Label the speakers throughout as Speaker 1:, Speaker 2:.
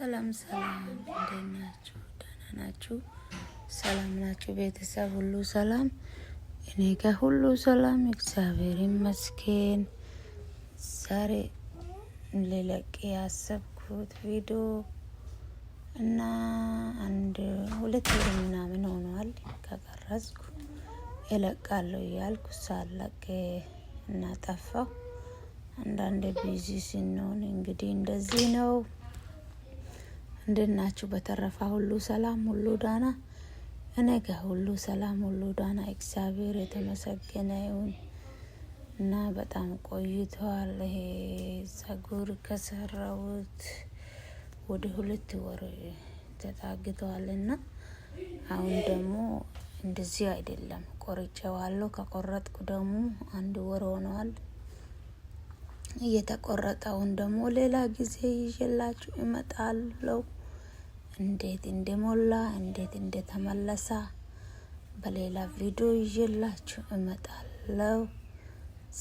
Speaker 1: ሰላም ሰላም፣ እንዴት ናችሁ? ደህና ናችሁ? ሰላም ናችሁ? ቤተሰብ ሁሉ ሰላም? እኔ ጋር ሁሉ ሰላም፣ እግዚአብሔር ይመስገን። ዛሬ ልለቅ ያሰብኩት ቪዲዮ እና አንድ ሁለት ወር ምናምን ሆኗል ከቀረጽኩ እለቃለሁ እያልኩ ሳለቅ እናጠፋው። አንዳንድ ቢዚ ስንሆን እንግዲህ እንደዚህ ነው። እንድናችሁ በተረፋ ሁሉ ሰላም ሁሉ ዳና እነገ ሁሉ ሰላም ሁሉ ዳና እግዚአብሔር የተመሰገነ ይሁን እና በጣም ቆይተዋል። ይሄ ጸጉር ከሰራሁት ወደ ሁለት ወር ተጣግተዋል እና አሁን ደግሞ እንደዚህ አይደለም ቆርጬዋለሁ። ከቆረጥኩ ደግሞ አንድ ወር ሆነዋል። እየተቆረጠውን ደግሞ ሌላ ጊዜ ይዤላችሁ እመጣለሁ። እንዴት እንደሞላ እንዴት እንደተመለሰ በሌላ ቪዲዮ ይዤላችሁ እመጣለሁ።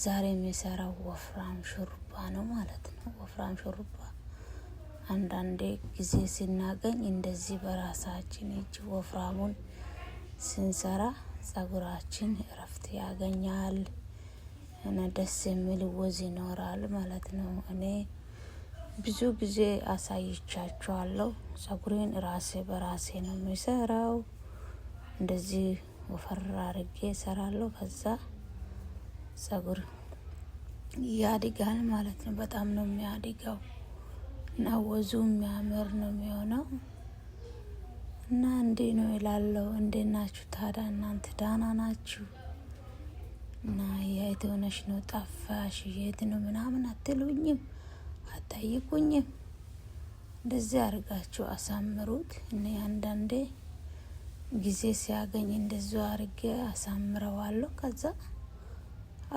Speaker 1: ዛሬ የሚሰራው ወፍራም ሹሩባ ነው ማለት ነው። ወፍራም ሹርባ አንዳንዴ ጊዜ ስናገኝ እንደዚህ በራሳችን እጅ ወፍራሙን ስንሰራ ጸጉራችን እረፍት ያገኛል እና ደስ የሚል ወዝ ይኖራል ማለት ነው እኔ ብዙ ጊዜ አሳይቻችኋለሁ። ጸጉሬን ራሴ በራሴ ነው የሚሰራው። እንደዚህ ወፈር አርጌ እሰራለሁ። ከዛ ጸጉር ያድጋል ማለት ነው። በጣም ነው የሚያድገው እና ወዙ የሚያምር ነው የሚሆነው እና እንዴ ነው ይላለው። እንዴት ናችሁ ታዲያ እናንተ ዳና ናችሁ? እና የት ሆነሽ ነው ጠፋሽ? የት ነው ምናምን አትሉኝም አትጠይቁኝም። እንደዚህ አድርጋችሁ አሳምሩት። እኔ አንዳንዴ ጊዜ ሲያገኝ እንደዚ አድርጌ አሳምረዋለሁ። ከዛ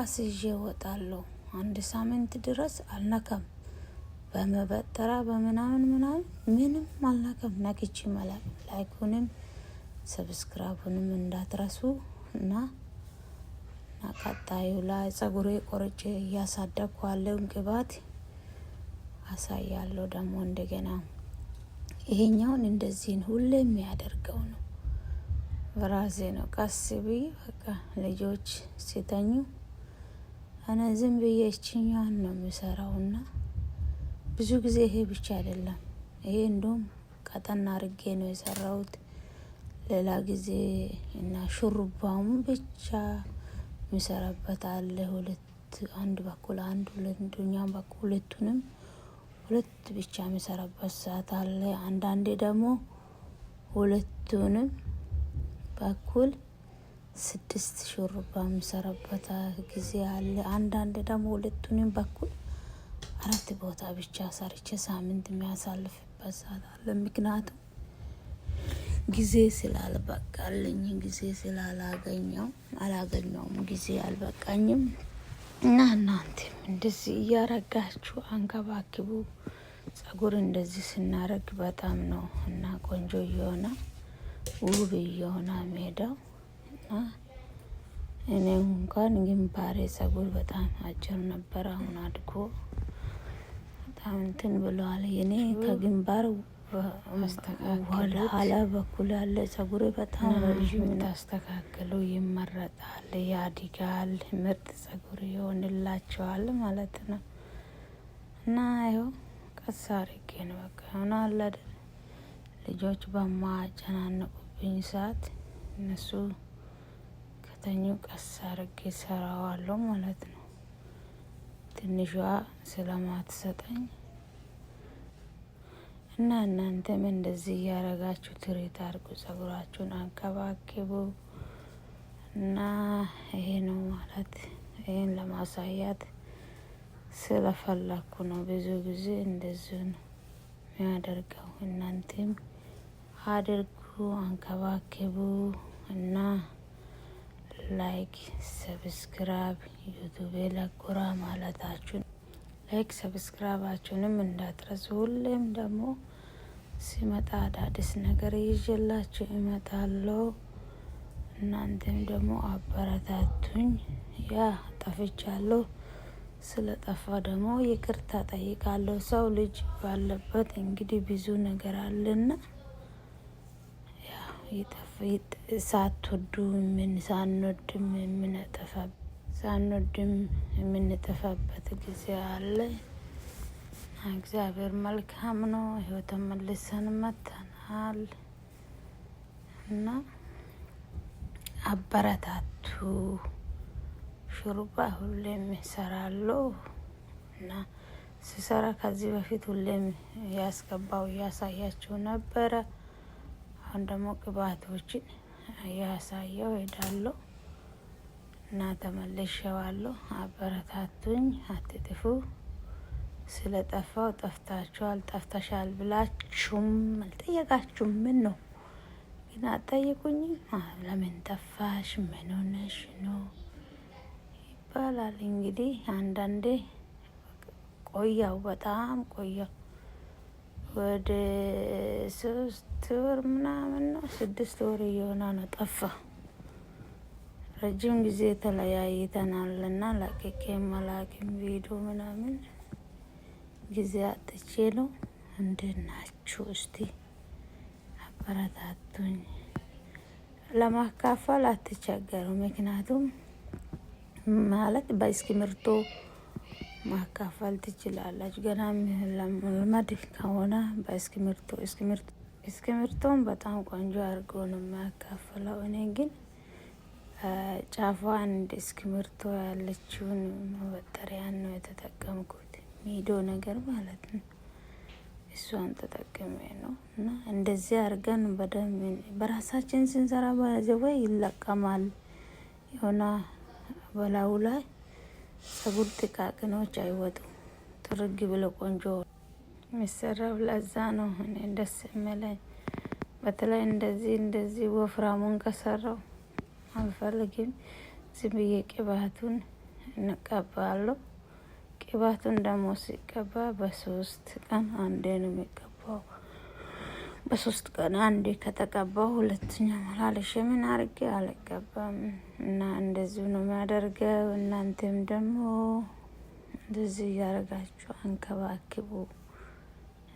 Speaker 1: አስዤ ወጣለሁ። አንድ ሳምንት ድረስ አልነከም። በመበጠራ በምናምን ምናምን ምንም አልነከም። ነክቼ መላክ ላይኩንም ሰብስክራቡንም እንዳትረሱ እና ቀጣዩ ላይ ጸጉሬ ቆርጬ እያሳደግኩ ቅባት አሳያለሁ። ደግሞ እንደገና ይሄኛውን እንደዚህን ሁሌ የሚያደርገው ነው። በራሴ ነው ቀስ ብዬ በቃ ልጆች ሲተኙ እኔ ዝም ብዬ እችኛዋን ነው የሚሰራው እና ብዙ ጊዜ ይሄ ብቻ አይደለም። ይሄ እንደውም ቀጠና አርጌ ነው የሰራሁት። ሌላ ጊዜ እና ሹሩባውም ብቻ የሚሰራበት አለ። ሁለት አንድ በኩል አንድ ሁለቱኛም በኩል ሁለቱንም ሁለት ብቻ የሚሰራበት ሰዓት አለ። አንዳንዴ ደግሞ ሁለቱንም በኩል ስድስት ሹሩባ የሚሰራበት ጊዜ አለ። አንዳንዴ ደግሞ ሁለቱንም በኩል አራት ቦታ ብቻ ሰርቼ ሳምንት የሚያሳልፍበት ሰዓት አለ። ምክንያቱም ጊዜ ስላልበቃልኝ ጊዜ ስላላገኘው አላገኘውም ጊዜ አልበቃኝም። እና እናንተም እንደዚህ እያረጋችሁ አንከባክቡ። ጸጉር እንደዚህ ስናረግ በጣም ነው እና ቆንጆ እየሆነ ውብ እየሆነ ሜዳው እና እኔ እንኳን ግንባሬ ጸጉር በጣም አጭር ነበር። አሁን አድጎ በጣም እንትን ብለዋል። እኔ ከግንባር ኋላ በኩል ያለ ጸጉር በጣም ረዥም ታስተካክሉ ይመረጣል፣ ያድጋል፣ ምርጥ ጸጉር ይሆንላቸዋል ማለት ነው። እና ይኸው ቀስ አድርጌ ነው በቃ ሆነ አለ ልጆች በማጨናነቁብኝ ሰዓት እነሱ ከተኙ ቀስ አድርጌ ሰራዋለሁ ማለት ነው። ትንሿ ስለማትሰጠኝ እና እናንተም እንደዚህ እያረጋችሁ ትሬት አርጉ፣ ጸጉራችሁን አንከባክቡ። እና ይሄ ነው ማለት ይህን ለማሳያት ስለፈለኩ ነው። ብዙ ጊዜ እንደዚሁ ነው የሚያደርገው። እናንተም አድርጉ፣ አንከባክቡ እና ላይክ ሰብስክራይብ ዩቱብ ለጉራ ማለታችሁን ላይክ ሰብስክራይባችሁንም እንዳትረሱ ሁሌም ደግሞ ሲመጣ አዳዲስ ነገር ይዤላችሁ እመጣለሁ። እናንተም ደግሞ አበረታቱኝ። ያ ጠፍቻለሁ። ስለ ጠፋ ደግሞ ይቅርታ ጠይቃለሁ። ሰው ልጅ ባለበት እንግዲህ ብዙ ነገር አለና ሳትወዱ ምን ሳንወድም ሳንወድም የምንጠፋበት ጊዜ አለ። እግዚአብሔር መልካም ነው። ህይወትን መልሰን መተናል እና አበረታቱ። ሹሩባ ሁሌም ይሰራለሁ እና ስሰራ ከዚህ በፊት ሁሌም ያስገባው እያሳያችሁ ነበረ። አሁን ደግሞ ቅባቶችን እያሳየው ሄዳለሁ እና ተመልሸዋለሁ። አበረታቱኝ፣ አትጥፉ። ስለጠፋው ጠፍታችኋል፣ ጠፍተሻል ብላችሁም አልጠየቃችሁም። ምን ነው ግን አጠይቁኝ፣ ለምን ጠፋሽ? ምን ሆነሽ ነው ይባላል። እንግዲህ አንዳንዴ ቆያው፣ በጣም ቆያው፣ ወደ ሶስት ወር ምናምን ነው ስድስት ወር እየሆነ ነው ጠፋ። ረጅም ጊዜ ተለያይተናል እና ላቅቄ መላክም ቪዲዮ ምናምን ጊዜ አጥቼ ነው። እንዴት ናችሁ? እስቲ አበረታቱኝ። ለማካፈል አትቸገሩ። ምክንያቱም ማለት በእስክሪብቶ ማካፈል ትችላላችሁ። ገና ለመልመድ ከሆነ በእስክሪብቶ እስክሪብቶን በጣም ቆንጆ አድርጎ ነው የሚያካፍለው። እኔ ግን ጫፏ አንድ እስክሪብቶ ያለችውን መበጠሪያን ነው የተጠቀምኩ ሚዶ ነገር ማለት ነው። እሷን ተጠቅሜ ነው እና እንደዚህ አድርገን በደም በራሳችን ስንሰራ በዘወ ይለቀማል። የሆነ በላዩ ላይ ጸጉር ጥቃቅኖች አይወጡም። ጥርግ ብሎ ቆንጆ የሚሰራው ለዛ ነው እኔ ደስ የሚለኝ። በተለይ እንደዚህ እንደዚህ ወፍራሙን ከሰራው አልፈልግም። ዝም ብዬ ቅባቱን እንቀባለሁ። ቅባቱን ደግሞ ሲቀባ በሶስት ቀን አንዴ ነው የሚቀባው። በሶስት ቀን አንዴ ከተቀባው ሁለተኛ መላለሽ ምን አርጌ አልቀባም እና እንደዚሁ ነው የሚያደርገው። እናንተም ደግሞ እንደዚህ እያደረጋችሁ አንከባክቡ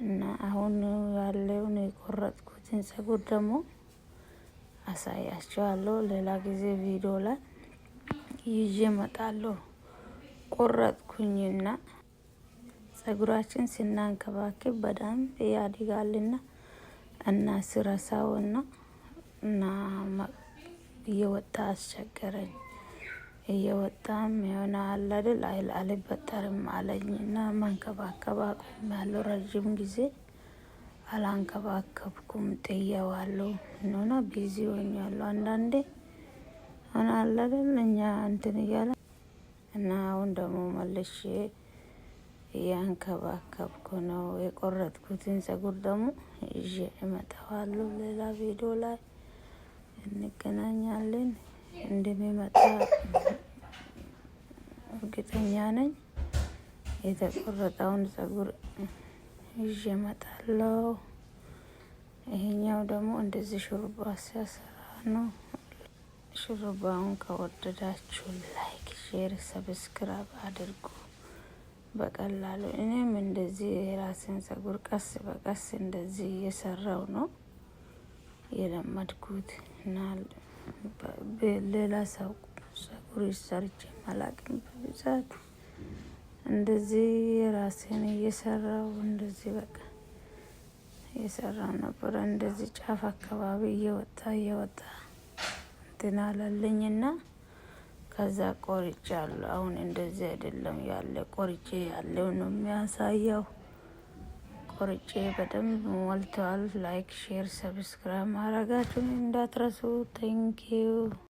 Speaker 1: እና አሁን ያለውን የቆረጥኩትን ጸጉር ደግሞ አሳያችኋለሁ። ሌላ ጊዜ ቪዲዮ ላይ ይዤ እመጣለሁ። ቆረጥኩኝና ጸጉራችን ስናንከባክብ በደንብ ያድጋልና እና ስረሳውና እና እየወጣ አስቸገረኝ። እየወጣም የሆነ አለ አይል አልበጠርም አለኝ እና መንከባከብ ያለው ረዥም ጊዜ አላንከባከብኩም። ጥየዋለሁ እና ቢዚ ሆኛለሁ። አንዳንዴ ሆነ አለ እኛ እንትን እያለ እና አሁን ደግሞ መልሼ እያንከባከብኩ ነው። የቆረጥኩትን ጸጉር ደግሞ ይዤ እመጣዋለሁ። ሌላ ቪዲዮ ላይ እንገናኛለን። እንደሚመጣ እርግጠኛ ነኝ። የተቆረጠውን ጸጉር ይዤ እመጣለሁ። ይሄኛው ደግሞ እንደዚህ ሹሩባ ሲያሰራ ነው። ሹሩባውን ከወደዳችሁ ላይ ሼር፣ ሰብስክራብ አድርጉ። በቀላሉ እኔም እንደዚህ የራስን ጸጉር ቀስ በቀስ እንደዚህ እየሰራው ነው የለመድኩት እና ሌላ ሰው ጸጉር ሰርቼ አላቅም በብዛት እንደዚህ የራስን እየሰራው እንደዚህ በቃ እየሰራ ነበረ። እንደዚህ ጫፍ አካባቢ እየወጣ እየወጣ እንትን አላለኝና ከዛ ቆርጬ አለው። አሁን እንደዚህ አይደለም ያለ ቆርጬ ያለው ነው የሚያሳየው። ቆርጬ በደንብ ሞልተዋል። ላይክ፣ ሼር፣ ሰብስክራይብ ማድረጋችሁን እንዳትረሱ። ቴንኪዩ